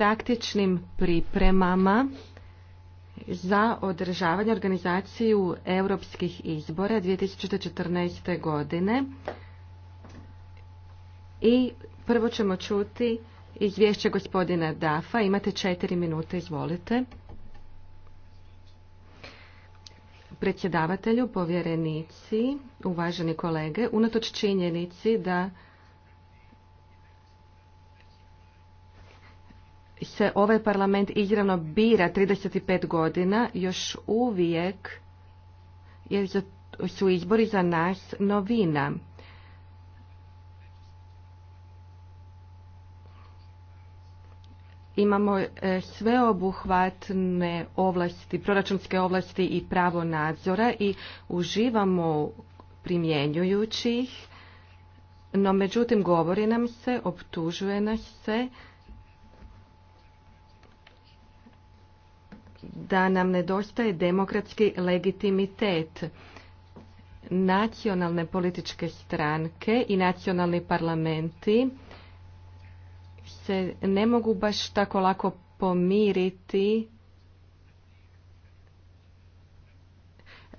praktičnim pripremama za održavanje organizaciju europskih izbora 2014. godine i prvo ćemo čuti izvješće gospodina Dafa. Imate četiri minute, izvolite. Predsjedavatelju, povjerenici, uvaženi kolege, unatoč činjenici da se ovaj parlament izravno bira 35 godina, još uvijek jer su izbori za nas novina. Imamo e, sveobuhvatne ovlasti, proračunske ovlasti i pravo nadzora i uživamo primjenjujući ih, no međutim govori nam se, optužuje nas se da nam nedostaje demokratski legitimitet nacionalne političke stranke i nacionalni parlamenti se ne mogu baš tako lako pomiriti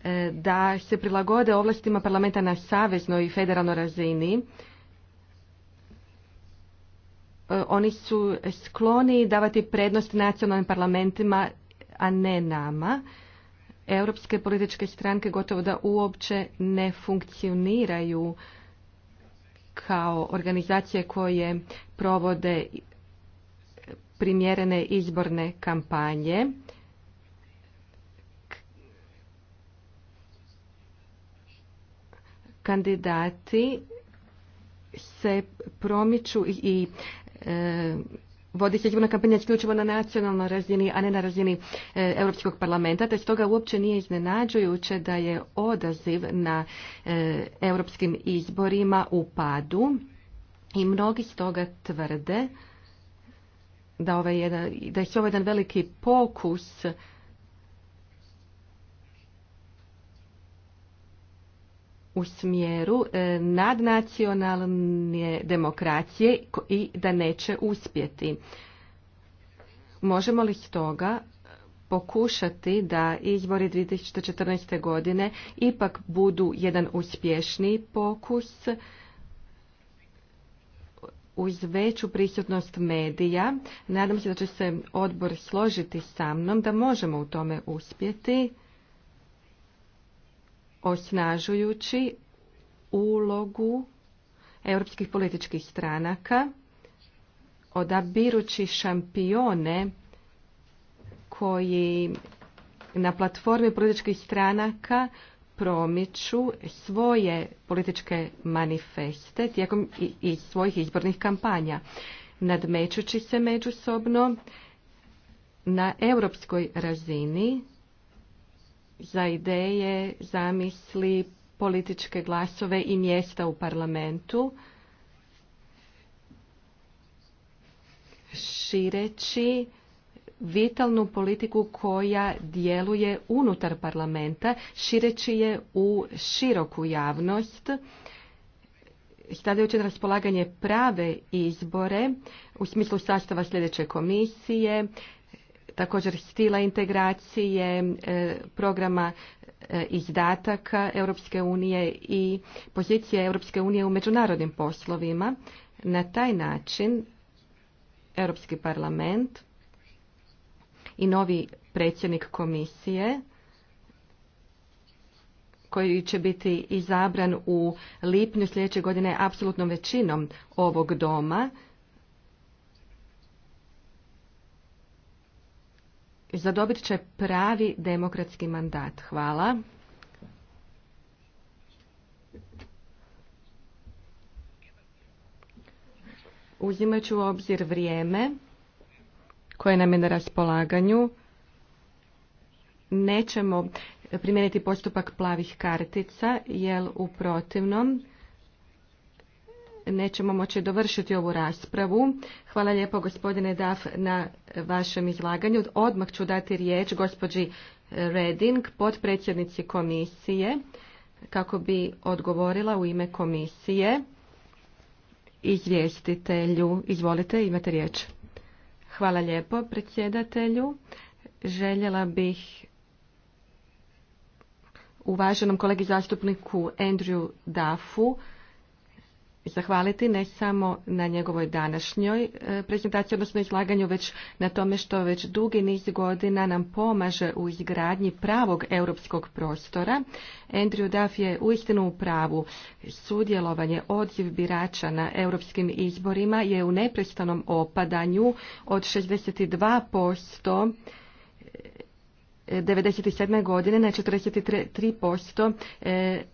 e, da se prilagode ovlastima parlamenta na saveznoj i federalnoj razini. E, oni su skloni davati prednost nacionalnim parlamentima a ne nama. Europske političke stranke gotovo da uopće ne funkcioniraju kao organizacije koje provode primjerene izborne kampanje. Kandidati se promiču i e, vodi se izborna kampanja isključivo na nacionalnoj razini, a ne na razini e, Europskog parlamenta, te stoga uopće nije iznenađujuće da je odaziv na e, europskim izborima u padu i mnogi stoga tvrde da, ovaj jedan, da je ovo jedan veliki pokus u smjeru e, nadnacionalne demokracije i da neće uspjeti. Možemo li stoga pokušati da izbori 2014. godine ipak budu jedan uspješniji pokus uz veću prisutnost medija. Nadam se da će se odbor složiti sa mnom da možemo u tome uspjeti osnažujući ulogu europskih političkih stranaka, odabirući šampione koji na platformi političkih stranaka promiču svoje političke manifeste tijekom i svojih izbornih kampanja, nadmećući se međusobno na europskoj razini za ideje, zamisli, političke glasove i mjesta u parlamentu. Šireći vitalnu politiku koja djeluje unutar parlamenta, šireći je u široku javnost, stavljajući na raspolaganje prave izbore u smislu sastava sljedeće komisije, također stila integracije e, programa e, izdataka Europske unije i pozicije Europske unije u međunarodnim poslovima. Na taj način Europski parlament i novi predsjednik komisije koji će biti izabran u lipnju sljedeće godine apsolutnom većinom ovog doma zadobit će pravi demokratski mandat. Hvala. Uzimajući u obzir vrijeme koje nam je na raspolaganju. Nećemo primijeniti postupak plavih kartica, jer u protivnom nećemo moći dovršiti ovu raspravu. Hvala lijepo gospodine Daf na vašem izlaganju. Odmah ću dati riječ gospođi Reding, potpredsjednici komisije, kako bi odgovorila u ime komisije izvjestitelju. Izvolite, imate riječ. Hvala lijepo predsjedatelju. Željela bih uvaženom kolegi zastupniku Andrew Dafu zahvaliti ne samo na njegovoj današnjoj e, prezentaciji, odnosno izlaganju, već na tome što već dugi niz godina nam pomaže u izgradnji pravog europskog prostora. Andrew Duff je uistinu u pravu. Sudjelovanje, odziv birača na europskim izborima je u neprestanom opadanju od 62% 1997. godine na 43% 2009. E,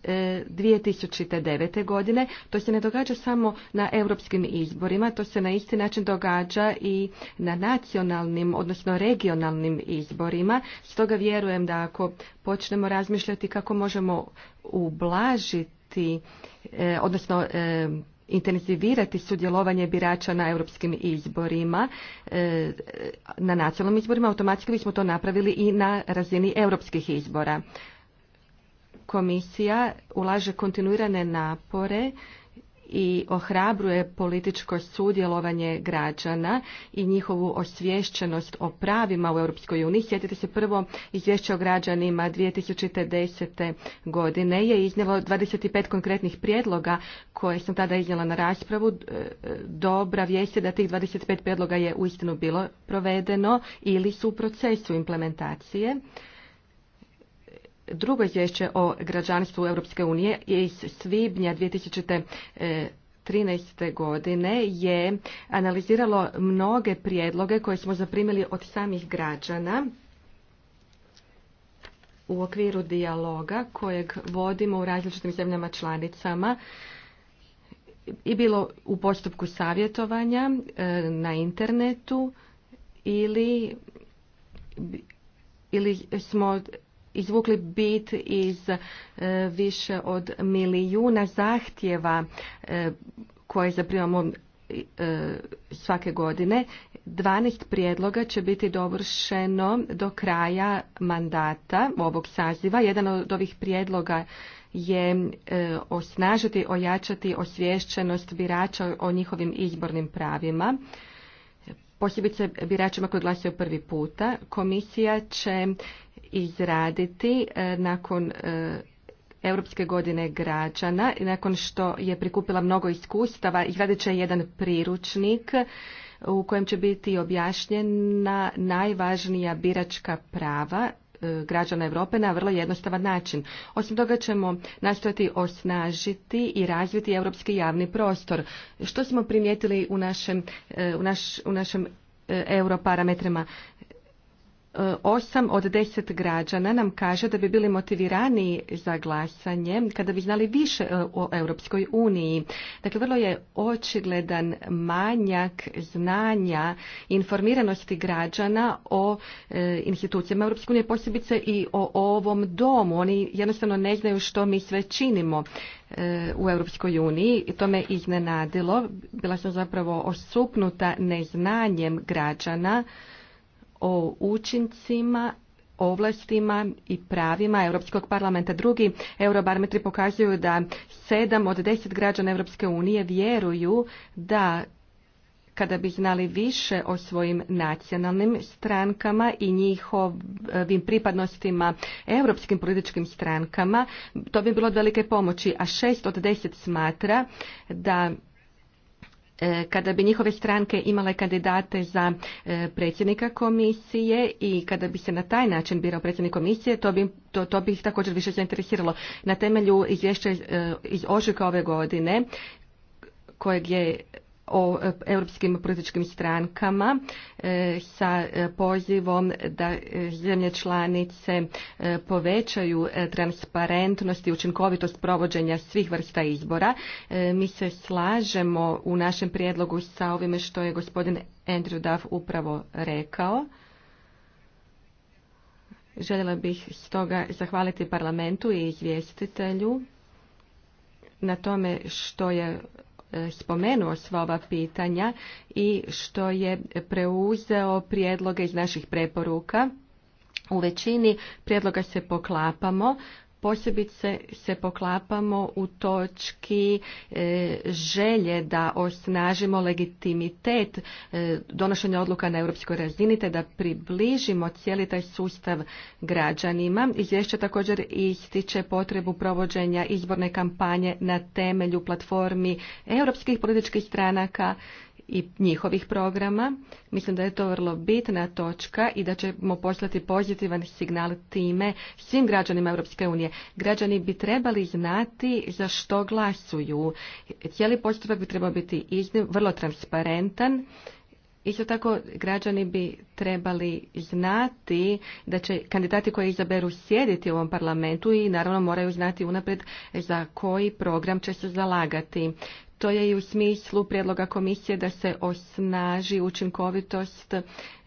e, godine. To se ne događa samo na europskim izborima, to se na isti način događa i na nacionalnim, odnosno regionalnim izborima. Stoga vjerujem da ako počnemo razmišljati kako možemo ublažiti, e, odnosno intenzivirati sudjelovanje birača na europskim izborima, e, na nacionalnim izborima, automatski bismo to napravili i na razini europskih izbora. Komisija ulaže kontinuirane napore i ohrabruje političko sudjelovanje građana i njihovu osvješćenost o pravima u Europskoj uniji. Sjetite se prvo izvješće o građanima 2010. godine je iznjelo 25 konkretnih prijedloga koje sam tada iznijela na raspravu. E, dobra vijest je da tih 25 prijedloga je uistinu bilo provedeno ili su u procesu implementacije. Drugo izvješće o građanstvu Europske unije je iz svibnja 2013. E, godine je analiziralo mnoge prijedloge koje smo zaprimili od samih građana u okviru dijaloga kojeg vodimo u različitim zemljama članicama i bilo u postupku savjetovanja e, na internetu ili ili smo izvukli bit iz e, više od milijuna zahtjeva e, koje zaprimamo e, svake godine. 12 prijedloga će biti dovršeno do kraja mandata ovog saziva. Jedan od ovih prijedloga je osnažiti, ojačati osvješćenost birača o njihovim izbornim pravima posebice biračima koji glasaju prvi puta, komisija će izraditi e, nakon e, Europske godine građana i nakon što je prikupila mnogo iskustava izradit će jedan priručnik e, u kojem će biti objašnjena najvažnija biračka prava građana Europe na vrlo jednostavan način. Osim toga ćemo nastojati osnažiti i razviti europski javni prostor. Što smo primijetili u našem, u naš, u našem europarametrima Osam od deset građana nam kaže da bi bili motivirani za glasanje kada bi znali više e, o Europskoj uniji. Dakle, vrlo je očigledan manjak znanja informiranosti građana o e, institucijama Europske unije, posebice i o ovom domu. Oni jednostavno ne znaju što mi sve činimo e, u Europskoj uniji i to me iznenadilo. Bila sam zapravo osupnuta neznanjem građana o učincima ovlastima i pravima Europskog parlamenta. Drugi eurobarometri pokazuju da sedam od deset građana Europske unije vjeruju da kada bi znali više o svojim nacionalnim strankama i njihovim pripadnostima europskim političkim strankama, to bi bilo od velike pomoći, a šest od deset smatra da E, kada bi njihove stranke imale kandidate za e, predsjednika komisije i kada bi se na taj način birao predsjednik komisije, to bi, to, to bi ih također više zainteresiralo. Na temelju izvješća iz e, ožujka ove godine, kojeg je o e, europskim političkim strankama e, sa e, pozivom da zemlje članice povećaju transparentnost i učinkovitost provođenja svih vrsta izbora. Mi se slažemo u našem prijedlogu sa ovime što je gospodin Andrew Duff upravo rekao. Željela bih stoga zahvaliti parlamentu i izvjestitelju na tome što je Eh, spomenuo sva ova pitanja i što je preuzeo prijedloge iz naših preporuka. U većini prijedloga se poklapamo, posebice se poklapamo u točki e, želje da osnažimo legitimitet e, donošenja odluka na europskoj razini te da približimo cijeli taj sustav građanima. Izvješće također ističe potrebu provođenja izborne kampanje na temelju platformi europskih političkih stranaka i njihovih programa. Mislim da je to vrlo bitna točka i da ćemo poslati pozitivan signal time svim građanima Europske unije. Građani bi trebali znati za što glasuju. Cijeli postupak bi trebao biti iznim, vrlo transparentan. Isto tako građani bi trebali znati da će kandidati koji izaberu sjediti u ovom parlamentu i naravno moraju znati unaprijed za koji program će se zalagati. To je i u smislu prijedloga komisije da se osnaži učinkovitost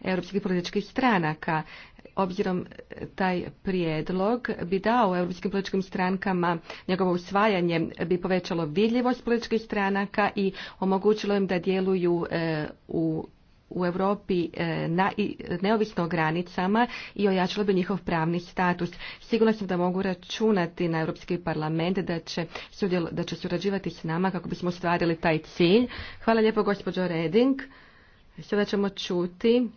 europskih političkih stranaka. Obzirom e, taj prijedlog bi dao europskim političkim strankama, njegovo usvajanje bi povećalo vidljivost političkih stranaka i omogućilo im da djeluju e, u u Europi e, na, neovisno o granicama i ojačilo bi njihov pravni status. Sigurno sam da mogu računati na Europski parlament da će, surađivati s nama kako bismo ostvarili taj cilj. Hvala lijepo gospođo Reding. Sada ćemo čuti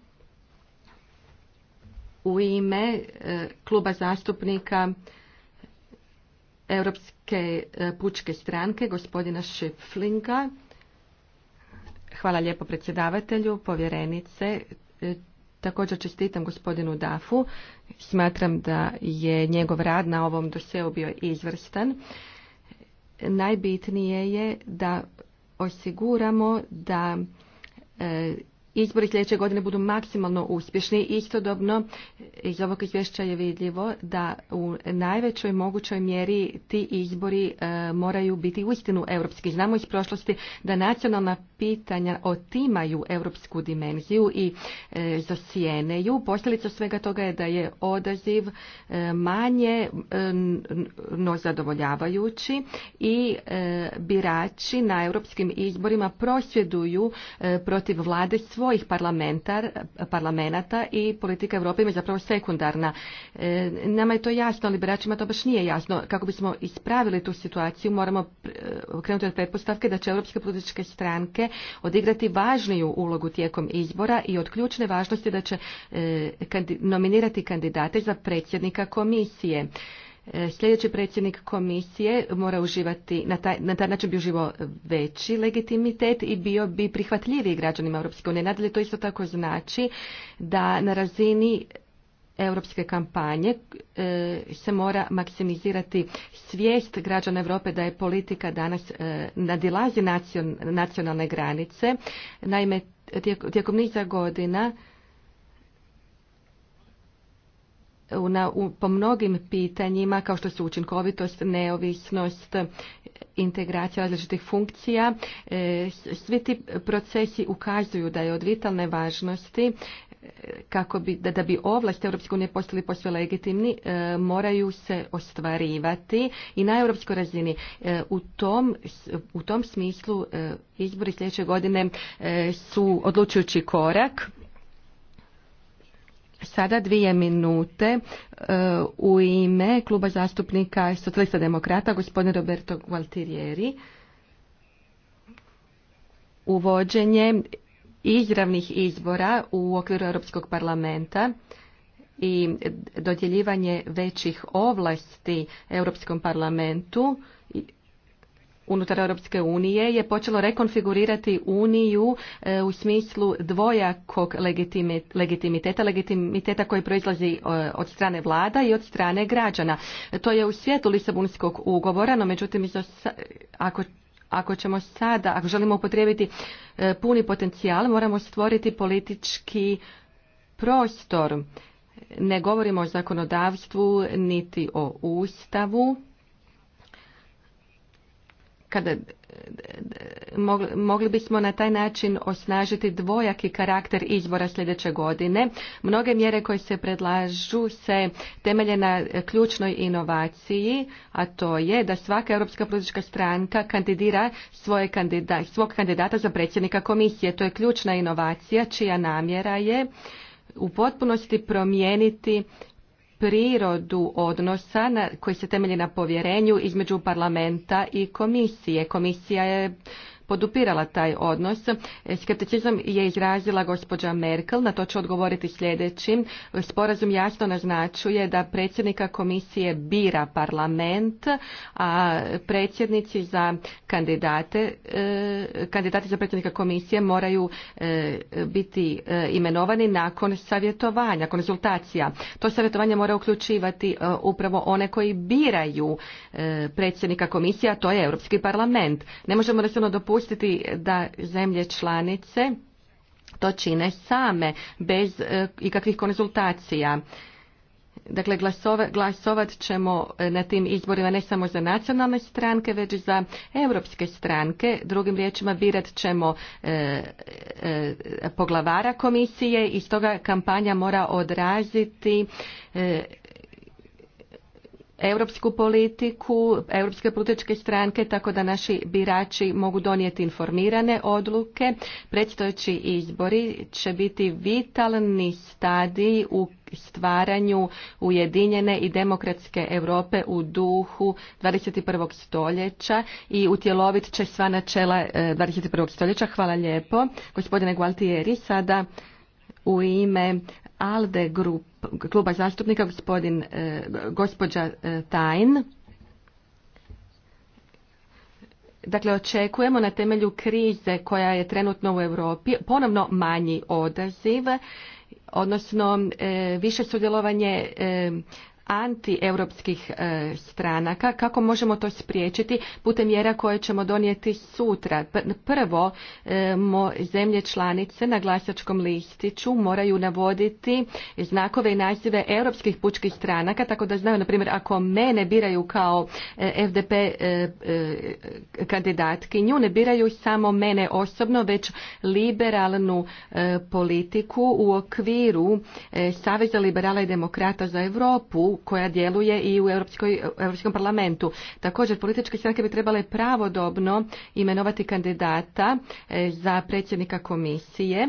u ime e, kluba zastupnika Europske e, pučke stranke gospodina Šeflinga. Hvala lijepo predsjedavatelju, povjerenice. E, također čestitam gospodinu Dafu. Smatram da je njegov rad na ovom doseu bio izvrstan. Najbitnije je da osiguramo da e, izbori sljedeće godine budu maksimalno uspješni. Istodobno iz ovog izvješća je vidljivo da u najvećoj mogućoj mjeri ti izbori e, moraju biti uistinu europski. Znamo iz prošlosti da nacionalna pitanja otimaju europsku dimenziju i e, Posljedica svega toga je da je odaziv e, manje e, no zadovoljavajući i birači na europskim izborima prosvjeduju protiv vlade svojih parlamenta i politika Europe im je zapravo sekundarna. E, nama je to jasno, ali braćima to baš nije jasno. Kako bismo ispravili tu situaciju, moramo e, krenuti od pretpostavke da će europske političke stranke odigrati važniju ulogu tijekom izbora i od ključne važnosti da će e, nominirati kandidate za predsjednika komisije. E, sljedeći predsjednik komisije mora uživati, na taj, na način bi uživo veći legitimitet i bio bi prihvatljiviji građanima Europske unije. Nadalje to isto tako znači da na razini europske kampanje e, se mora maksimizirati svijest građana Europe da je politika danas e, nadilazi nacionalne granice. Naime, tijekom niza godina u, u, po mnogim pitanjima kao što su učinkovitost, neovisnost, integracija različitih funkcija. E, svi ti procesi ukazuju da je od vitalne važnosti e, kako bi, da, da bi ovlasti Europske unije postali posve legitimni, e, moraju se ostvarivati i na europskoj razini. E, u, tom, u tom smislu izbori sljedeće godine su odlučujući korak. Sada dvije minute e, u ime kluba zastupnika socijalista demokrata gospodin Roberto Gualtirieri. Uvođenje izravnih izbora u okviru Europskog parlamenta i dodjeljivanje većih ovlasti Europskom parlamentu unutar Europske unije je počelo rekonfigurirati uniju e, u smislu dvojakog legitimiteta, legitimiteta koji proizlazi e, od strane vlada i od strane građana. To je u svijetu Lisabonskog ugovora, no međutim ako ako ćemo sada, ako želimo upotrijebiti e, puni potencijal, moramo stvoriti politički prostor. Ne govorimo o zakonodavstvu niti o ustavu kada mogli bismo na taj način osnažiti dvojaki karakter izbora sljedeće godine. Mnoge mjere koje se predlažu se temelje na ključnoj inovaciji, a to je da svaka europska politička stranka kandidira svoje svog kandidata za predsjednika komisije. To je ključna inovacija čija namjera je u potpunosti promijeniti prirodu odnosa koji se temelji na povjerenju između parlamenta i komisije. Komisija je podupirala taj odnos. Skepticizam je izrazila gospođa Merkel, na to ću odgovoriti sljedećim. Sporazum jasno naznačuje da predsjednika komisije bira parlament, a predsjednici za kandidate, e, kandidati za predsjednika komisije moraju e, biti e, imenovani nakon savjetovanja, konzultacija. To savjetovanje mora uključivati upravo one koji biraju predsjednika komisije, a to je Europski parlament. Ne možemo da se ono dopustiti dopustiti da zemlje članice to čine same bez e, ikakvih konzultacija. Dakle, glasovat ćemo e, na tim izborima ne samo za nacionalne stranke, već i za europske stranke. Drugim riječima birat ćemo e, poglavara komisije i stoga kampanja mora odraziti europsku politiku, europske političke stranke, tako da naši birači mogu donijeti informirane odluke. Predstojeći izbori će biti vitalni stadij u stvaranju ujedinjene i demokratske Europe u duhu 21. stoljeća i utjelovit će sva načela 21. Eh, stoljeća. Hvala lijepo. Gospodine Gualtieri, sada u ime ALDE grup, kluba zastupnika gospodin, e, gospođa e, Tajn. Dakle, očekujemo na temelju krize koja je trenutno u Europi ponovno manji odaziv, odnosno e, više sudjelovanje antieuropskih e, stranaka. Kako možemo to spriječiti putem mjera koje ćemo donijeti sutra? Prvo, e, zemlje članice na glasačkom listiću moraju navoditi znakove i nazive europskih pučkih stranaka, tako da znaju, na primjer, ako mene biraju kao e, FDP kandidatki, nju ne biraju samo mene osobno, već liberalnu politiku u okviru Saveza liberala i demokrata za Europu koja djeluje i u Europskom parlamentu. Također, političke stranke bi trebale pravodobno imenovati kandidata e, za predsjednika komisije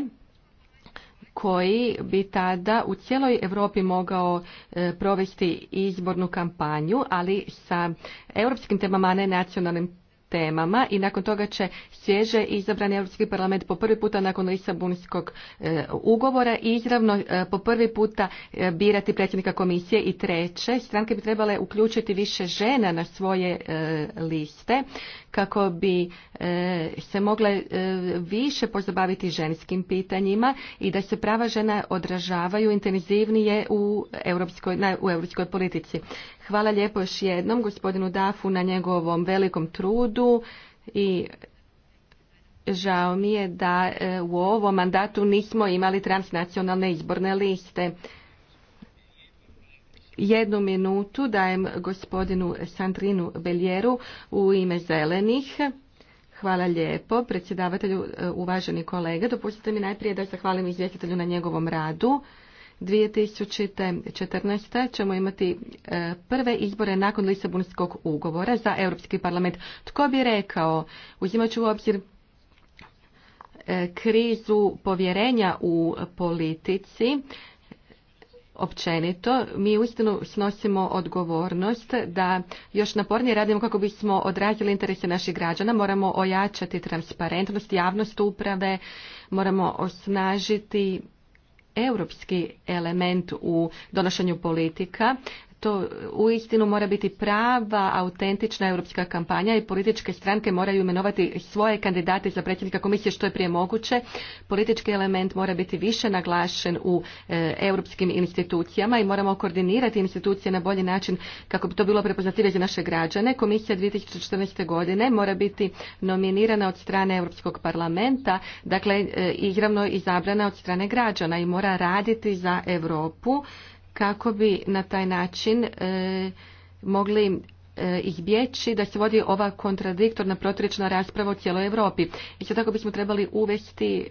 koji bi tada u cijeloj Europi mogao e, provesti izbornu kampanju, ali sa europskim temama, a ne nacionalnim temama i nakon toga će svježe izabrani Europski parlament po prvi puta nakon Lisabonskog e, ugovora izravno e, po prvi puta e, birati predsjednika komisije i treće. Stranke bi trebale uključiti više žena na svoje liste kako bi e, se mogle e, više pozabaviti ženskim pitanjima i da se prava žena odražavaju intenzivnije u europskoj, u europskoj politici. Hvala lijepo još jednom gospodinu Dafu na njegovom velikom trudu i žao mi je da e, u ovom mandatu nismo imali transnacionalne izborne liste jednu minutu dajem gospodinu Sandrinu Beljeru u ime zelenih. Hvala lijepo, predsjedavatelju, e, uvaženi kolege. Dopustite mi najprije da zahvalim izvjestitelju na njegovom radu. 2014. ćemo imati e, prve izbore nakon Lisabonskog ugovora za Europski parlament. Tko bi rekao, uzimajući u obzir e, krizu povjerenja u politici, općenito, mi uistinu snosimo odgovornost da još napornije radimo kako bismo odrazili interese naših građana, moramo ojačati transparentnost, javnost uprave, moramo osnažiti europski element u donošenju politika to uistinu mora biti prava, autentična europska kampanja i političke stranke moraju imenovati svoje kandidate za predsjednika komisije što je prije moguće. Politički element mora biti više naglašen u e, europskim institucijama i moramo koordinirati institucije na bolji način kako bi to bilo prepoznatljivije za naše građane. Komisija 2014. godine mora biti nominirana od strane Europskog parlamenta, dakle e, izravno izabrana od strane građana i mora raditi za Europu kako bi na taj način e, mogli e, ih bjeći da se vodi ova kontradiktorna protirečna rasprava u cijeloj Europi. Isto tako bismo trebali uvesti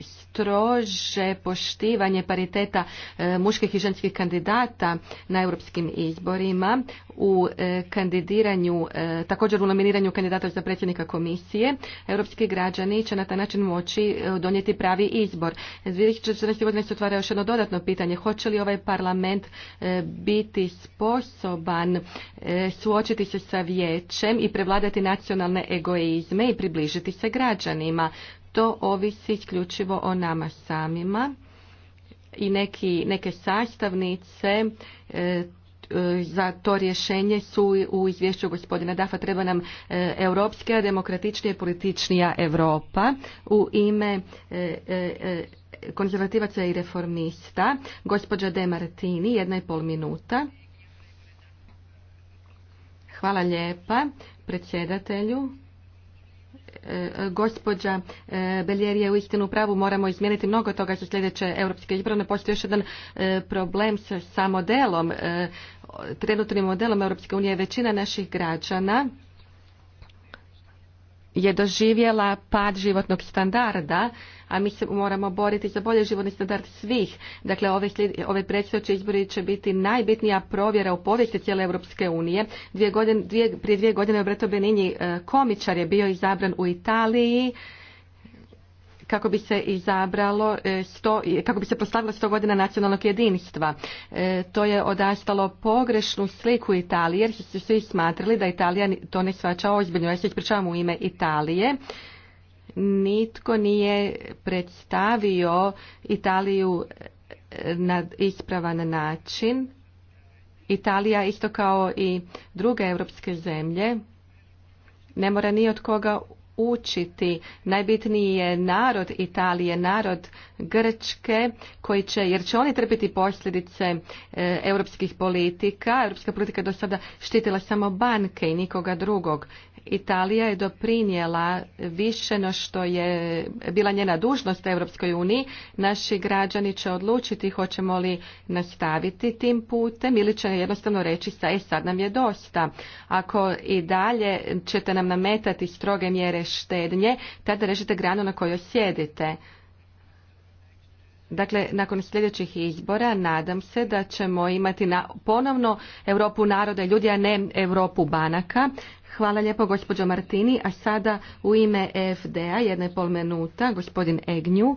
strože poštivanje pariteta e, muških i ženskih kandidata na europskim izborima u e, kandidiranju, e, također u nominiranju kandidata za predsjednika komisije, europski građani će na taj način moći donijeti pravi izbor. 2014. godine se otvara još jedno dodatno pitanje. Hoće li ovaj parlament biti sposoban suočiti se sa vijećem i prevladati nacionalne egoizme i približiti se građanima? to ovisi isključivo o nama samima i neki, neke sastavnice e, e, za to rješenje su u izvješću gospodina Dafa treba nam e, europska, demokratičnija i političnija Europa u ime konzervativaca i reformista gospođa De Martini, jedna i pol minuta. Hvala lijepa predsjedatelju. E, gospođa e, Beljer je istinu pravu, moramo izmijeniti mnogo toga za sljedeće europske izbore. postoji još jedan e, problem sa modelom, trenutnim modelom Europske unije. Većina naših građana je doživjela pad životnog standarda, a mi se moramo boriti za bolji životni standard svih. Dakle, ove, ove izbori će biti najbitnija provjera u povijesti cijele Europske unije. Dvije godine, dvije, prije dvije godine u Bretobenini e, komičar je bio izabran u Italiji kako bi se izabralo e, sto, kako bi se postavilo 100 godina nacionalnog jedinstva. E, to je odastalo pogrešnu sliku Italije jer su svi smatrali da Italija to ne svača ozbiljno. Ja se ispričavam u ime Italije nitko nije predstavio Italiju e, na ispravan način. Italija, isto kao i druge europske zemlje, ne mora ni od koga učiti. Najbitniji je narod Italije, narod Grčke, koji će, jer će oni trpiti posljedice e, europskih politika. Europska politika je do sada štitila samo banke i nikoga drugog. Italija je doprinijela više no što je bila njena dužnost Europskoj uniji. Naši građani će odlučiti hoćemo li nastaviti tim putem ili će jednostavno reći sa e sad nam je dosta. Ako i dalje ćete nam nametati stroge mjere štednje, tada režite granu na kojoj sjedite. Dakle, nakon sljedećih izbora nadam se da ćemo imati na, ponovno Europu naroda i ljudi, a ne Europu banaka. Hvala lijepo gospođo Martini, a sada u ime FDA jedna i pol minuta, gospodin Egnju.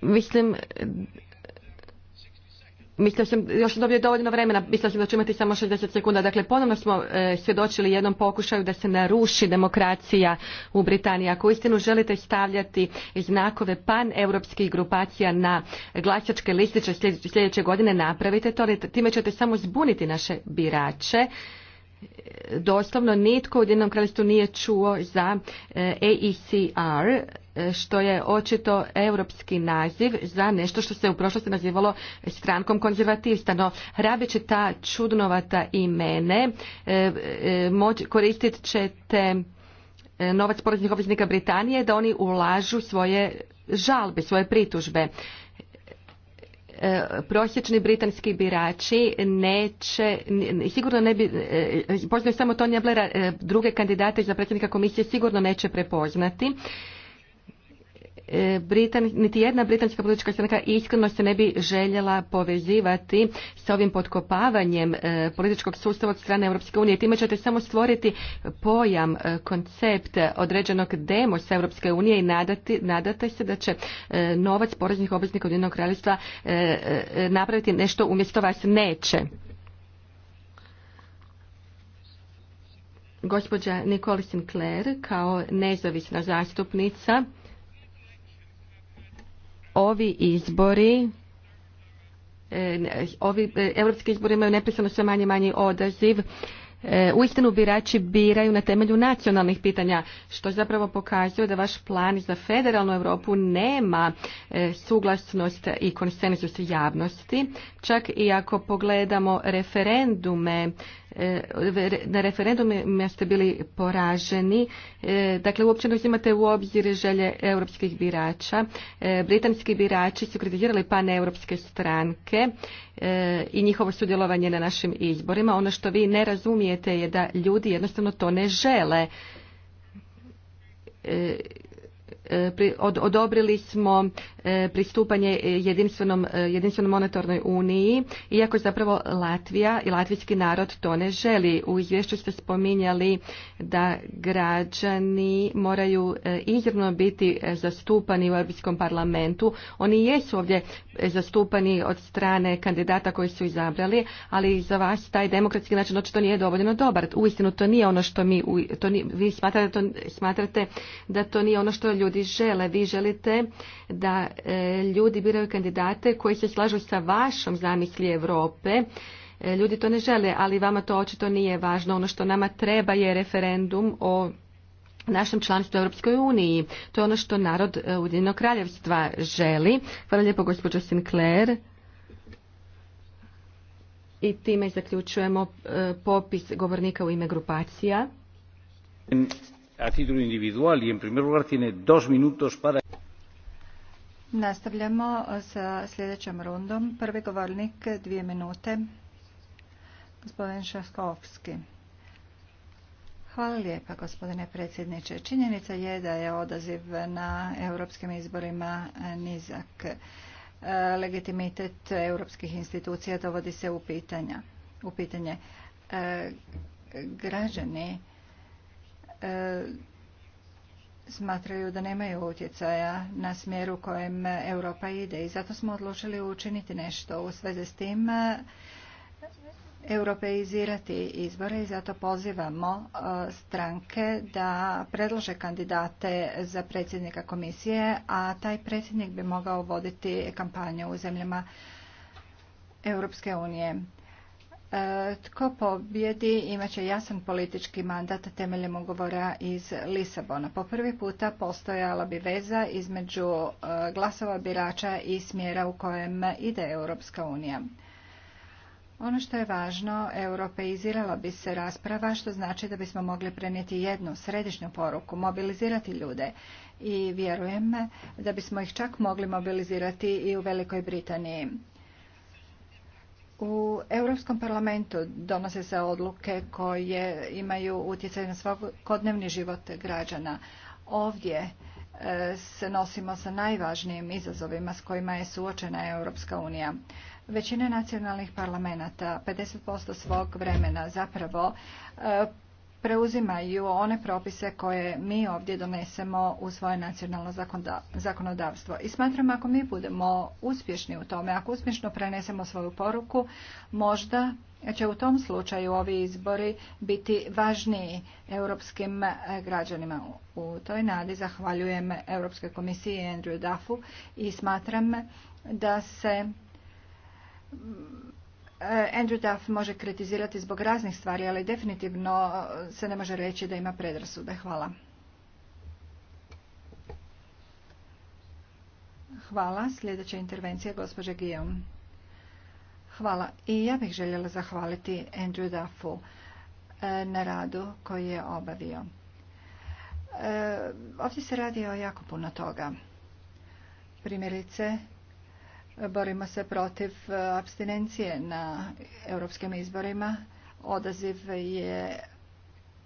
Mislim Mislio sam, još dobio dovoljno vremena, mislio sam da ću imati samo 60 sekunda. Dakle, ponovno smo e, svjedočili jednom pokušaju da se naruši demokracija u Britaniji. Ako istinu želite stavljati znakove pan-europskih grupacija na glasačke listiće sljedeće godine, napravite to, time ćete samo zbuniti naše birače doslovno nitko u Jedinom kraljestvu nije čuo za e, AECR, e, što je očito europski naziv za nešto što se u prošlosti nazivalo strankom konzervatista. No, će ta čudnovata imene, e, koristit ćete novac poreznih obveznika Britanije da oni ulažu svoje žalbe, svoje pritužbe. E, prosječni britanski birači neće, sigurno ne bi, e, e, poznaju samo Tonja Blera, druge kandidate za predsjednika komisije sigurno neće prepoznati. E, Britan, niti jedna britanska politička stranka iskreno se ne bi željela povezivati s ovim potkopavanjem e, političkog sustava od strane Europske unije. Time ćete samo stvoriti pojam, e, koncept određenog demosa Europske unije i nadati, nadate se da će novac poreznih obveznika Ujedinjenog kraljevstva napraviti nešto umjesto vas neće. Gospođa Nicole Sinclair kao nezavisna zastupnica ovi izbori e, ovi europski izbori imaju nepisano sve manje manji odaziv e, uistinu birači biraju na temelju nacionalnih pitanja što zapravo pokazuje da vaš plan za federalnu europu nema e, suglasnost i konsenzus javnosti čak i ako pogledamo referendume E, na referendumima ste bili poraženi. E, dakle, uopće ne uzimate u obzir želje europskih birača. E, britanski birači su kritizirali paneuropske stranke i njihovo sudjelovanje na našim izborima. Ono što vi ne razumijete je da ljudi jednostavno to ne žele E, odobrili smo e, pristupanje jedinstvenom, e, jedinstvenom monetarnoj uniji, iako zapravo Latvija i latvijski narod to ne želi. U izvješću ste spominjali da građani moraju izravno biti zastupani u Europskom parlamentu. Oni jesu ovdje zastupani od strane kandidata koji su izabrali, ali za vas taj demokratski način očito nije dovoljno dobar. Uistinu to nije ono što mi, to, vi smatrate, to, smatrate da to nije ono što ljudi ljudi žele. Vi želite da e, ljudi biraju kandidate koji se slažu sa vašom zamisli Europe. E, ljudi to ne žele, ali vama to očito nije važno. Ono što nama treba je referendum o našem članstvu u Europskoj uniji. To je ono što narod e, Ujedinjenog kraljevstva želi. Hvala lijepo gospođo Sinclair. I time zaključujemo popis govornika u ime grupacija. Nastavljamo sa sljedećom rundom. Prvi govornik, dvije minute. Gospodin Šaskovski. Hvala lijepa, gospodine predsjedniče. Činjenica je da je odaziv na europskim izborima nizak. E, legitimitet europskih institucija dovodi se U pitanje. E, građani E, smatraju da nemaju utjecaja na smjeru u kojem Europa ide i zato smo odlučili učiniti nešto u svezi s tim e, europeizirati izbore i zato pozivamo e, stranke da predlože kandidate za predsjednika komisije, a taj predsjednik bi mogao voditi kampanju u zemljama Europske unije. E, tko pobjedi imat će jasan politički mandat temeljem ugovora iz Lisabona. Po prvi puta postojala bi veza između e, glasova birača i smjera u kojem ide Europska unija. Ono što je važno, europeizirala bi se rasprava, što znači da bismo mogli prenijeti jednu središnju poruku, mobilizirati ljude i vjerujem da bismo ih čak mogli mobilizirati i u Velikoj Britaniji. U Europskom parlamentu donose se odluke koje imaju utjecaj na svakodnevni život građana. Ovdje e, se nosimo sa najvažnijim izazovima s kojima je suočena Europska unija. Većina nacionalnih parlamenta 50% svog vremena zapravo e, preuzimaju one propise koje mi ovdje donesemo u svoje nacionalno zakonodavstvo. I smatram ako mi budemo uspješni u tome, ako uspješno prenesemo svoju poruku, možda će u tom slučaju ovi izbori biti važniji europskim e, građanima. U toj nadi zahvaljujem Europskoj komisiji Andrew Duffu i smatram da se Eh, Andrew Duff može kritizirati zbog raznih stvari, ali definitivno eh, se ne može reći da ima predrasude. Hvala. Hvala. Sljedeća intervencija, gospođe Guillaume. Hvala. I ja bih željela zahvaliti Andrew Duffu eh, na radu koji je obavio. Ovdje se radi o jako puno toga. Primjerice, Borimo se protiv e, abstinencije na europskim izborima. Odaziv je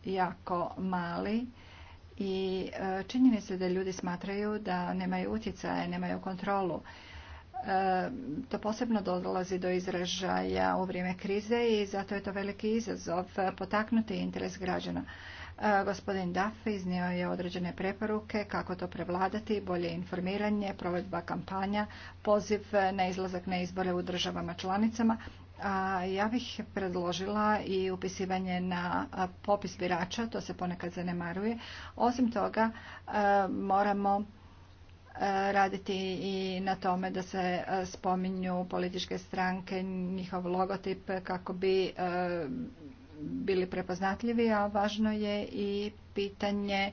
jako mali i e, činjeni se da ljudi smatraju da nemaju utjecaje, nemaju kontrolu. E, to posebno dolazi do izražaja u vrijeme krize i zato je to veliki izazov potaknuti interes građana. E, gospodin Duff iznio je određene preporuke kako to prevladati, bolje informiranje, provedba kampanja, poziv na izlazak na izbore u državama članicama. Ja bih predložila i upisivanje na popis birača, to se ponekad zanemaruje. Osim toga, e, moramo e, raditi i na tome da se spominju političke stranke, njihov logotip kako bi bili prepoznatljivi, a važno je i pitanje e,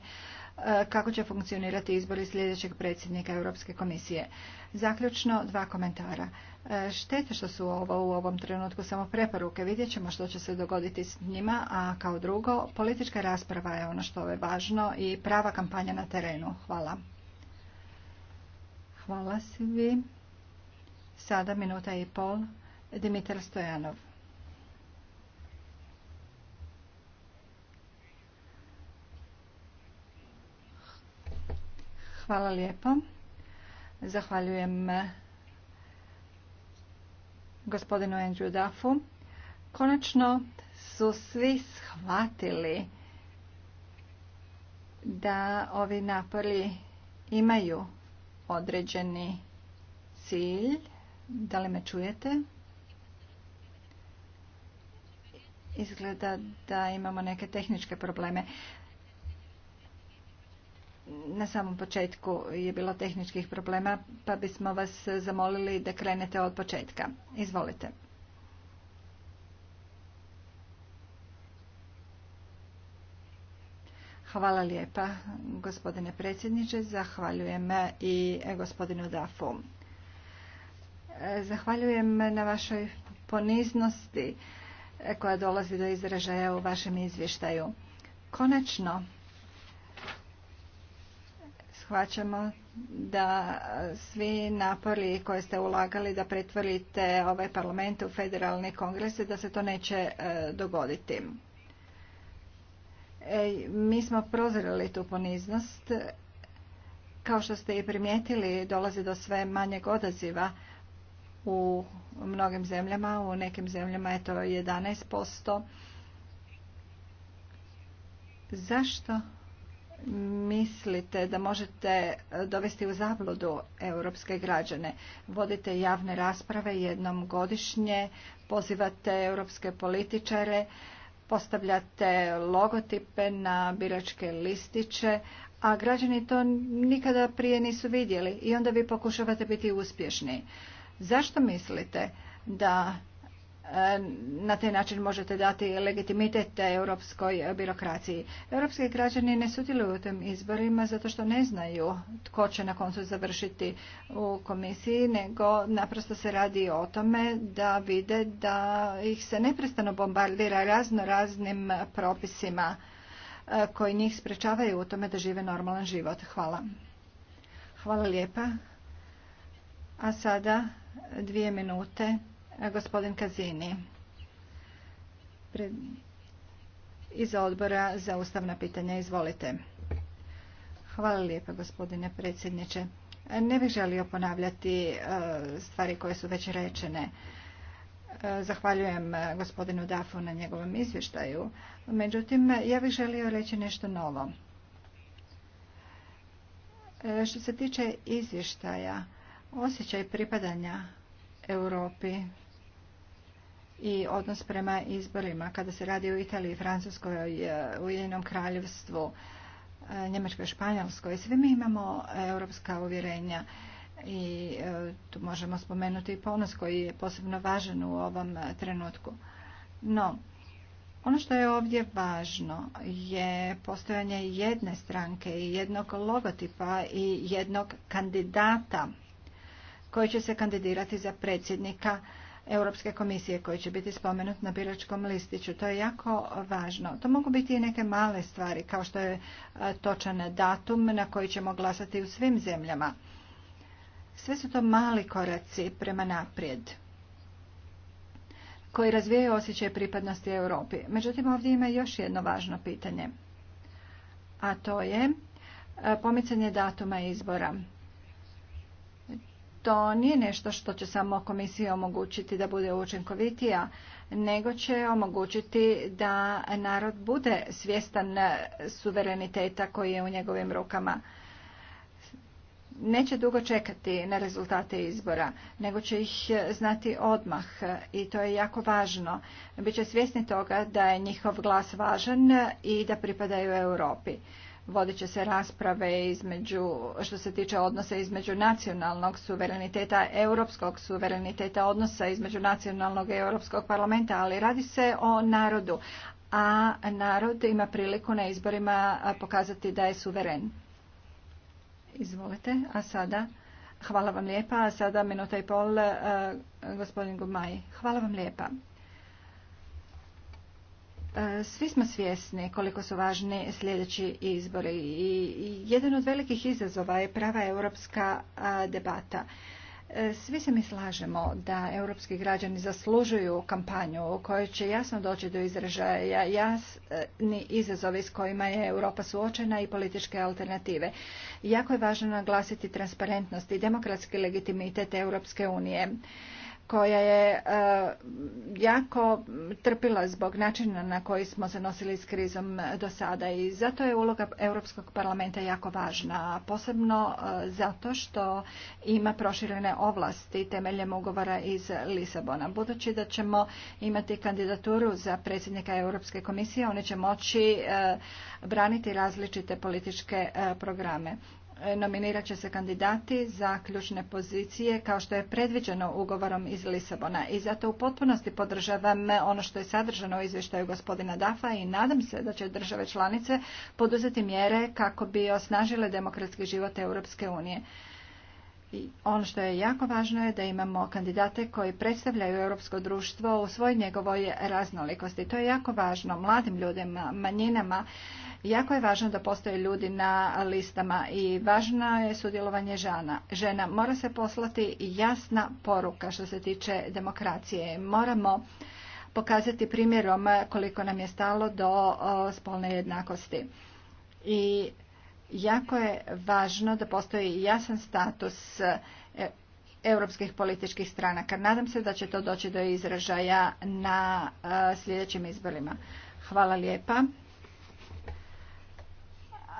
kako će funkcionirati izbori sljedećeg predsjednika Europske komisije. Zaključno dva komentara. E, Štete što su ovo u ovom trenutku samo preporuke, vidjet ćemo što će se dogoditi s njima, a kao drugo, politička rasprava je ono što je važno i prava kampanja na terenu. Hvala. Hvala svi. Sada minuta i pol. Dimitar Stojanov. Hvala lijepo. Zahvaljujem eh, gospodinu Andrew Duffu. Konačno su svi shvatili da ovi napori imaju određeni cilj. Da li me čujete? Izgleda da imamo neke tehničke probleme na samom početku je bilo tehničkih problema, pa bismo vas zamolili da krenete od početka. Izvolite. Hvala lijepa, gospodine predsjedniče. Zahvaljujem i e, gospodinu Dafu. E, zahvaljujem na vašoj poniznosti e, koja dolazi do izražaja u vašem izvještaju. Konačno, shvaćamo da svi napori koje ste ulagali da pretvorite ovaj parlament u federalni kongres da se to neće e, dogoditi. E, mi smo prozreli tu poniznost. Kao što ste i primijetili, dolazi do sve manjeg odaziva u mnogim zemljama. U nekim zemljama je to 11%. Zašto? mislite da možete eh, dovesti u zabludu europske građane. Vodite javne rasprave jednom godišnje, pozivate europske političare, postavljate logotipe na biračke listiće, a građani to nikada prije nisu vidjeli i onda vi pokušavate biti uspješni. Zašto mislite da na taj način možete dati legitimitet europskoj birokraciji. Europski građani ne sudjeluju u tim izborima zato što ne znaju tko će na koncu završiti u komisiji, nego naprosto se radi o tome da vide da ih se neprestano bombardira razno raznim propisima e, koji njih sprečavaju u tome da žive normalan život. Hvala. Hvala lijepa. A sada dvije minute gospodin Kazini iz odbora za ustavna pitanja. Izvolite. Hvala lijepa gospodine predsjedniče. Ne bih želio ponavljati e, stvari koje su već rečene. E, zahvaljujem e, gospodinu Dafu na njegovom izvještaju. Međutim, ja bih želio reći nešto novo. Što se tiče izvještaja, osjećaj pripadanja Europi i odnos prema izborima kada se radi o Italiji, Francuskoj, e, Ujedinom kraljevstvu, e, Njemačkoj, Španjolskoj. Svi mi imamo europska uvjerenja i e, tu možemo spomenuti i ponos koji je posebno važan u ovom trenutku. No, ono što je ovdje važno je postojanje jedne stranke i jednog logotipa i jednog kandidata koji će se kandidirati za predsjednika Europske komisije koji će biti spomenut na biračkom listiću. To je jako važno. To mogu biti i neke male stvari kao što je e, točan datum na koji ćemo glasati u svim zemljama. Sve su to mali koraci prema naprijed koji razvijaju osjećaj pripadnosti Europi. Međutim, ovdje ima još jedno važno pitanje, a to je e, pomicanje datuma izbora to nije nešto što će samo komisiji omogućiti da bude učinkovitija, nego će omogućiti da narod bude svjestan suvereniteta koji je u njegovim rukama. Neće dugo čekati na rezultate izbora, nego će ih znati odmah i to je jako važno. Biće svjesni toga da je njihov glas važan i da pripadaju Europi. Vodit će se rasprave između, što se tiče odnosa između nacionalnog suvereniteta, europskog suvereniteta, odnosa između nacionalnog i europskog parlamenta, ali radi se o narodu, a narod ima priliku na izborima pokazati da je suveren. Izvolite, a sada... Hvala vam lijepa. A sada minuta i pol, gospodin Gumaj. Hvala vam lijepa. E, svi smo svjesni koliko su važni sljedeći izbori i jedan od velikih izazova je prava europska debata. E, svi se mi slažemo da europski građani zaslužuju kampanju u kojoj će jasno doći do izražaja jasni e, izazovi s kojima je Europa suočena i političke alternative. Jako je važno naglasiti transparentnost i demokratski legitimitet Europske unije koja je e, jako trpila zbog načina na koji smo se nosili s krizom do sada i zato je uloga Europskog parlamenta jako važna, posebno e, zato što ima proširene ovlasti temeljem ugovora iz Lisabona. Budući da ćemo imati kandidaturu za predsjednika Europske komisije, oni će moći e, braniti različite političke programe. E, nominirat će se kandidati za ključne pozicije kao što je predviđeno ugovorom iz Lisabona i zato u potpunosti podržavam ono što je sadržano u izvještaju gospodina Dafa i nadam se da će države članice poduzeti mjere kako bi osnažile demokratski život Europske unije. I ono što je jako važno je da imamo kandidate koji predstavljaju europsko društvo u svoj njegovoj raznolikosti. To je jako važno mladim ljudima, manjinama. Jako je važno da postoje ljudi na listama i važno je sudjelovanje žena. Žena mora se poslati jasna poruka što se tiče demokracije. Moramo pokazati primjerom koliko nam je stalo do spolne jednakosti. I Jako je važno da postoji jasan status e, europskih političkih stranaka. Nadam se da će to doći do izražaja na e, sljedećim izborima. Hvala lijepa.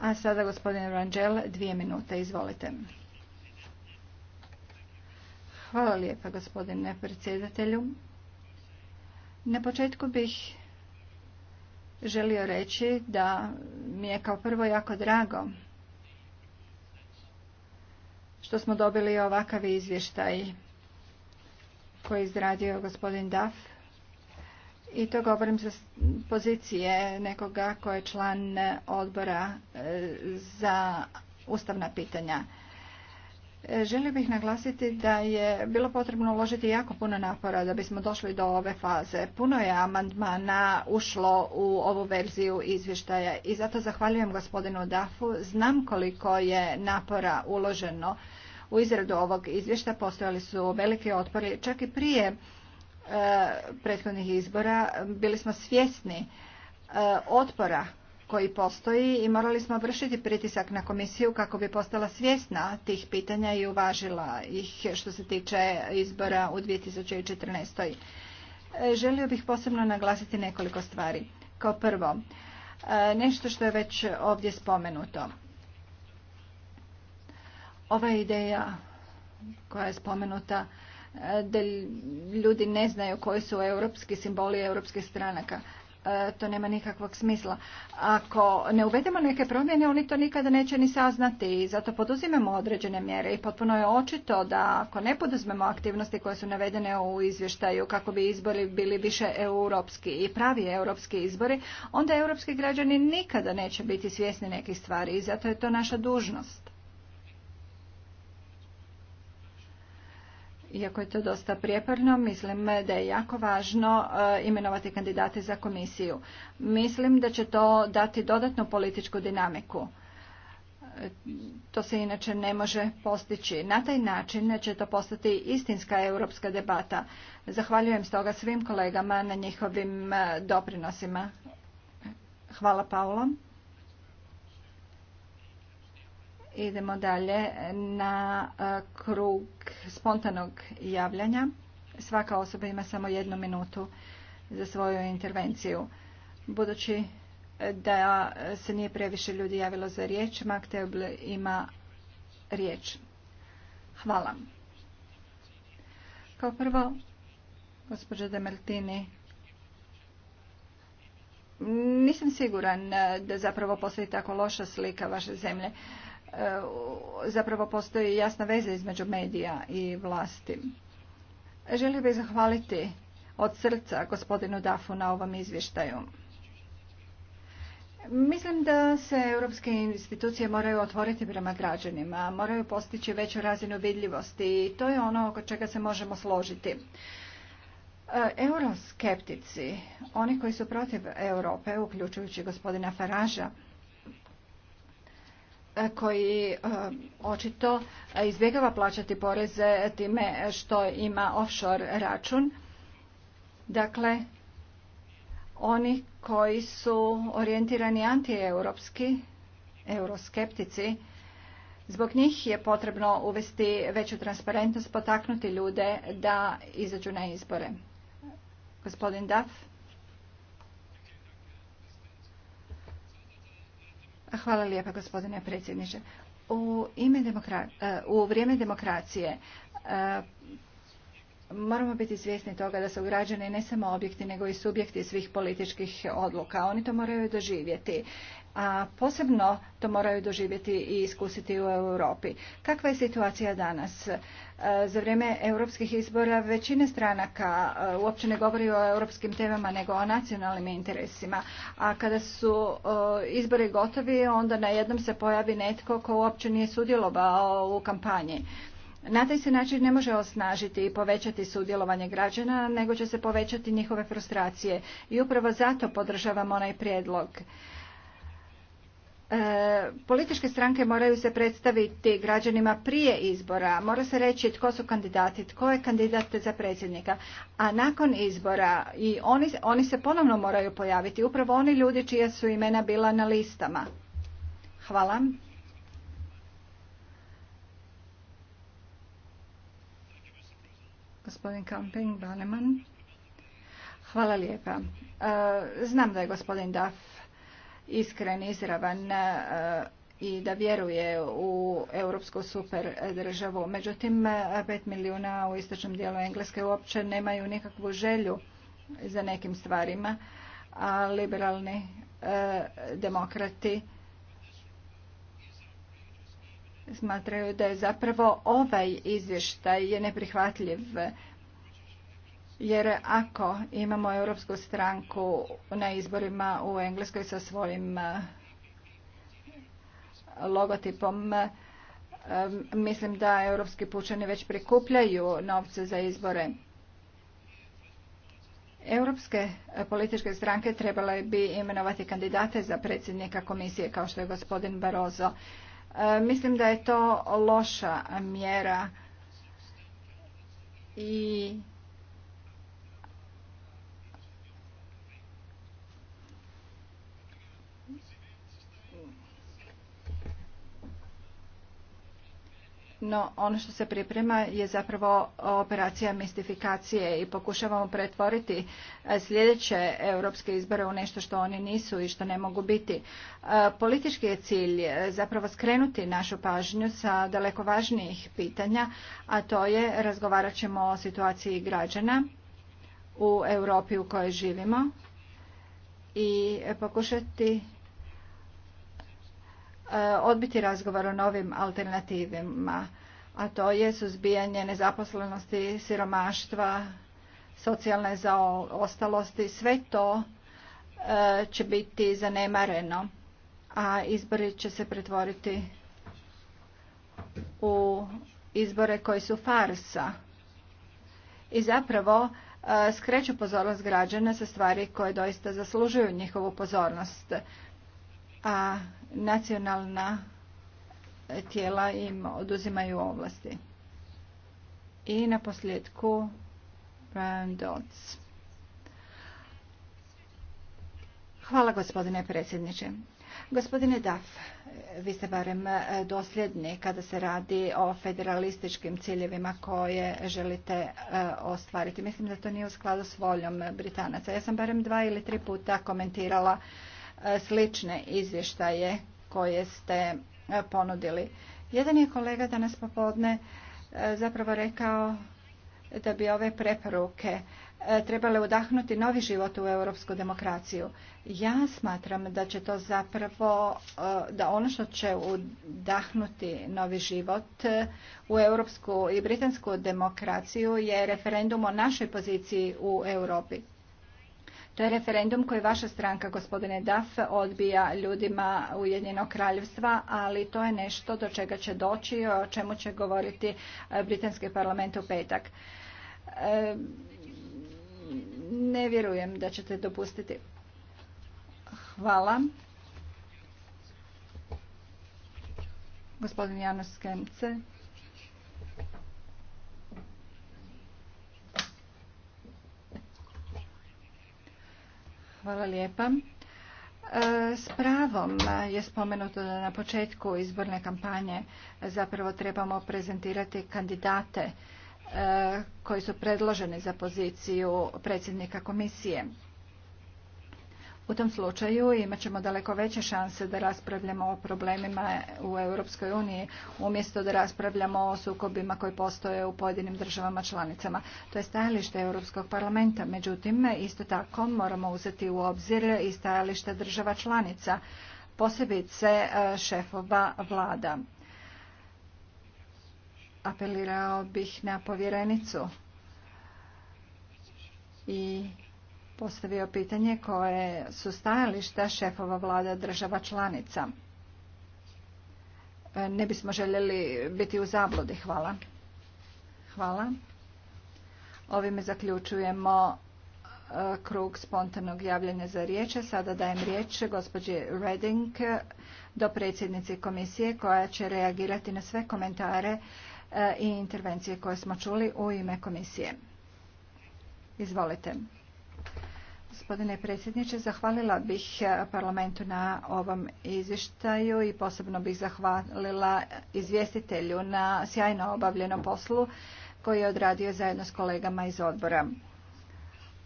A sada gospodin Rangel, dvije minute, izvolite. Hvala lijepa gospodine predsjedatelju. Na početku bih želio reći da mi je kao prvo jako drago što smo dobili ovakav izvještaj koji je izradio gospodin Daf. I to govorim sa pozicije nekoga koji je član odbora e, za ustavna pitanja. Želio bih naglasiti da je bilo potrebno uložiti jako puno napora da bismo došli do ove faze. Puno je amandmana ušlo u ovu verziju izvještaja i zato zahvaljujem gospodinu Dafu. Znam koliko je napora uloženo u izradu ovog izvještaja. Postojali su velike otpori čak i prije e, prethodnih izbora. Bili smo svjesni e, otpora koji postoji i morali smo vršiti pritisak na komisiju kako bi postala svjesna tih pitanja i uvažila ih što se tiče izbora u 2014. E, želio bih posebno naglasiti nekoliko stvari. Kao prvo, e, nešto što je već ovdje spomenuto. Ova ideja koja je spomenuta e, da ljudi ne znaju koji su europski simboli europskih stranaka. E, to nema nikakvog smisla. Ako ne uvedemo neke promjene, oni to nikada neće ni saznati i zato poduzimemo određene mjere i potpuno je očito da ako ne poduzmemo aktivnosti koje su navedene u izvještaju kako bi izbori bili više europski i pravi europski izbori, onda europski građani nikada neće biti svjesni nekih stvari i zato je to naša dužnost. Iako je to dosta prijeparno, mislim da je jako važno e, imenovati kandidate za komisiju. Mislim da će to dati dodatnu političku dinamiku. E, to se inače ne može postići. Na taj način će to postati istinska europska debata. Zahvaljujem stoga svim kolegama na njihovim e, doprinosima. Hvala Paulom. Idemo dalje na e, krug spontanog javljanja. Svaka osoba ima samo jednu minutu za svoju intervenciju. Budući e, da se nije previše ljudi javilo za riječ, Maktebl ima riječ. Hvala. Kao prvo, gospođa Demeltini, nisam siguran e, da zapravo postoji tako loša slika vaše zemlje. E, zapravo postoji jasna veza između medija i vlasti. Želio bih zahvaliti od srca gospodinu Dafu na ovom izvještaju. Mislim da se europske institucije moraju otvoriti prema građanima, moraju postići veću razinu vidljivosti i to je ono oko čega se možemo složiti. E, euroskeptici, oni koji su protiv Europe, uključujući gospodina Faraža, koji e, očito izbjegava plaćati poreze time što ima offshore račun. Dakle, oni koji su orijentirani antieuropski, euroskeptici, Zbog njih je potrebno uvesti veću transparentnost, potaknuti ljude da izađu na izbore. Gospodin Duff. Hvala lijepa gospodine predsjedniče. U, e, vrijeme demokracije e, moramo biti svjesni toga da su građani ne samo objekti nego i subjekti svih političkih odluka. Oni to moraju doživjeti a posebno to moraju doživjeti i iskusiti u Europi. Kakva je situacija danas? E, za vrijeme europskih izbora većine stranaka e, uopće ne govori o europskim temama nego o nacionalnim interesima, a kada su e, izbori gotovi onda na jednom se pojavi netko ko uopće nije sudjelovao u kampanji. Na taj se način ne može osnažiti i povećati sudjelovanje građana, nego će se povećati njihove frustracije. I upravo zato podržavam onaj prijedlog E, političke stranke moraju se predstaviti građanima prije izbora. Mora se reći tko su kandidati, tko je kandidat za predsjednika. A nakon izbora i oni, oni se ponovno moraju pojaviti. Upravo oni ljudi čija su imena bila na listama. Hvala. Gospodin Kamping, Baneman. Hvala lijepa. E, znam da je gospodin Duff iskren, izravan e, i da vjeruje u europsku super državu. Međutim, e, pet milijuna u istočnom dijelu Engleske uopće nemaju nikakvu želju za nekim stvarima, a liberalni e, demokrati smatraju da je zapravo ovaj izvještaj je neprihvatljiv jer ako imamo europsku stranku na izborima u Engleskoj sa svojim eh, logotipom, eh, mislim da europski pučani već prikupljaju novce za izbore. Europske političke stranke trebale bi imenovati kandidate za predsjednika komisije kao što je gospodin Barozo. Eh, mislim da je to loša mjera i no ono što se priprema je zapravo operacija mistifikacije i pokušavamo pretvoriti e, sljedeće europske izbore u nešto što oni nisu i što ne mogu biti. E, politički je cilj e, zapravo skrenuti našu pažnju sa daleko važnijih pitanja, a to je razgovarat ćemo o situaciji građana u Europi u kojoj živimo i pokušati E, odbiti razgovor o novim alternativima, a to je suzbijanje nezaposlenosti, siromaštva, socijalne zaostalosti. Sve to e, će biti zanemareno, a izbori će se pretvoriti u izbore koji su farsa. I zapravo e, skreću pozornost građana sa stvari koje doista zaslužuju njihovu pozornost a nacionalna tijela im oduzimaju ovlasti. I na posljedku Brian Dodds. Hvala gospodine predsjedniče. Gospodine Duff, vi ste barem e, dosljedni kada se radi o federalističkim ciljevima koje želite e, ostvariti. Mislim da to nije u skladu s voljom Britanaca. Ja sam barem dva ili tri puta komentirala slične izvještaje koje ste e, ponudili. Jedan je kolega danas popodne e, zapravo rekao da bi ove preporuke e, trebale udahnuti novi život u europsku demokraciju. Ja smatram da će to zapravo, da ono što će udahnuti novi život u europsku i britansku demokraciju je referendum o našoj poziciji u Europi. To je referendum koji vaša stranka, gospodine Duff, odbija ljudima Ujedinjenog kraljevstva, ali to je nešto do čega će doći o čemu će govoriti e, Britanski parlament u petak. E, ne vjerujem da ćete dopustiti. Hvala. Gospodin Janos Kemce. Hvala lijepa. E, s pravom je spomenuto da na početku izborne kampanje zapravo trebamo prezentirati kandidate e, koji su predloženi za poziciju predsjednika komisije. U tom slučaju imat ćemo daleko veće šanse da raspravljamo o problemima u Europskoj uniji umjesto da raspravljamo o sukobima koji postoje u pojedinim državama članicama. To je stajalište Europskog parlamenta. Međutim, isto tako moramo uzeti u obzir i stajalište država članica, posebice e, šefova vlada. Apelirao bih na povjerenicu i postavio pitanje koje su stajališta šefova vlada država članica. E, ne bismo željeli biti u zabludi. Hvala. Hvala. Ovime zaključujemo e, krug spontanog javljanja za riječ. Sada dajem riječ gospođi Reding do predsjednici komisije koja će reagirati na sve komentare e, i intervencije koje smo čuli u ime komisije. Izvolite. Gospodine predsjedniče, zahvalila bih e, parlamentu na ovom izvještaju i posebno bih zahvalila izvjestitelju na sjajno obavljenom poslu koji je odradio zajedno s kolegama iz odbora.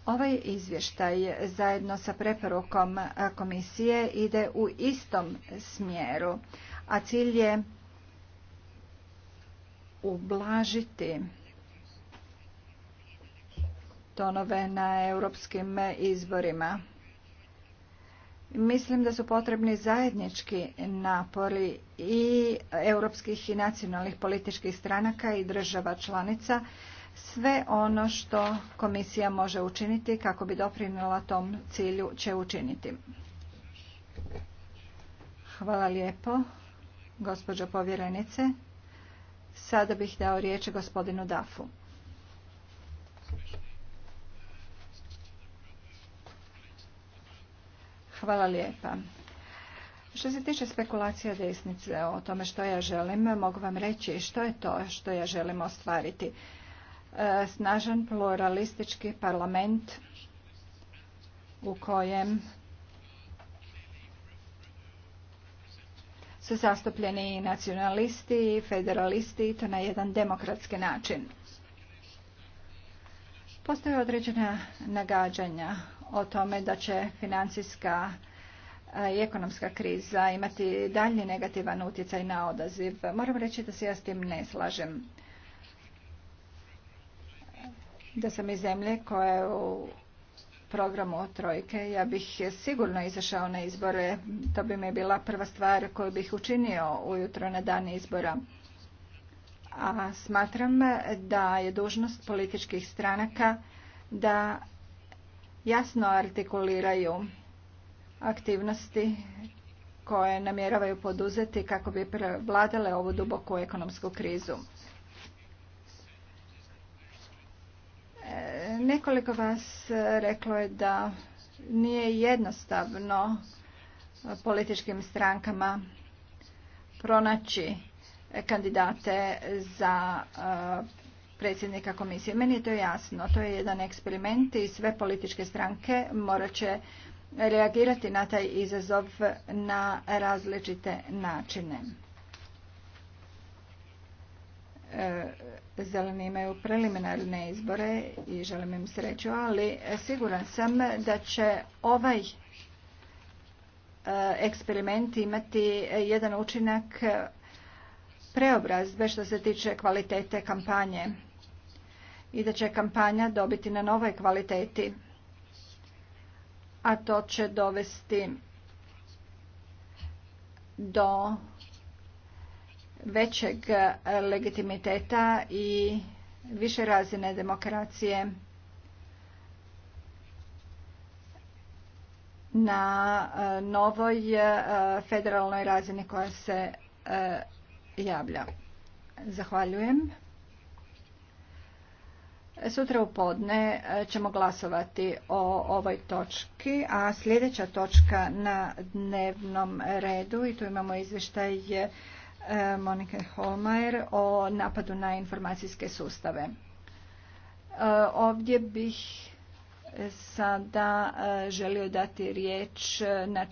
Ovaj izvještaj zajedno sa preporukom e, komisije ide u istom smjeru, a cilj je ublažiti tonove na europskim izborima. Mislim da su potrebni zajednički napori i europskih i nacionalnih političkih stranaka i država članica sve ono što komisija može učiniti kako bi doprinijela tom cilju će učiniti. Hvala lijepo, gospođo povjerenice. Sada bih dao riječ gospodinu Dafu. Hvala lijepa. Što se tiče spekulacija desnice o tome što ja želim, mogu vam reći što je to što ja želim ostvariti. E, snažan pluralistički parlament u kojem su zastupljeni nacionalisti i federalisti i to na jedan demokratski način. Postoje određena nagađanja o tome da će financijska e, i ekonomska kriza imati dalji negativan utjecaj na odaziv. Moram reći da se ja s tim ne slažem. Da sam iz zemlje koja je u programu Trojke, ja bih sigurno izašao na izbore. To bi mi bila prva stvar koju bih učinio ujutro na dan izbora. A smatram da je dužnost političkih stranaka da jasno artikuliraju aktivnosti koje namjeravaju poduzeti kako bi prevladale ovu duboku ekonomsku krizu. E, nekoliko vas reklo je da nije jednostavno političkim strankama pronaći kandidate za e, predsjednika komisije. Meni je to jasno. To je jedan eksperiment i sve političke stranke morat će reagirati na taj izazov na različite načine. E, Zeleni imaju preliminarne izbore i želim im sreću, ali siguran sam da će ovaj e, eksperiment imati jedan učinak preobrazbe što se tiče kvalitete kampanje i da će kampanja dobiti na novoj kvaliteti, a to će dovesti do većeg legitimiteta i više razine demokracije na e, novoj e, federalnoj razini koja se e, javlja. Zahvaljujem. Sutra u podne e, ćemo glasovati o ovoj točki, a sljedeća točka na dnevnom redu, i tu imamo izvještaj e, Monike Holmajer o napadu na informacijske sustave. E, ovdje bih sada želio dati riječ na četiri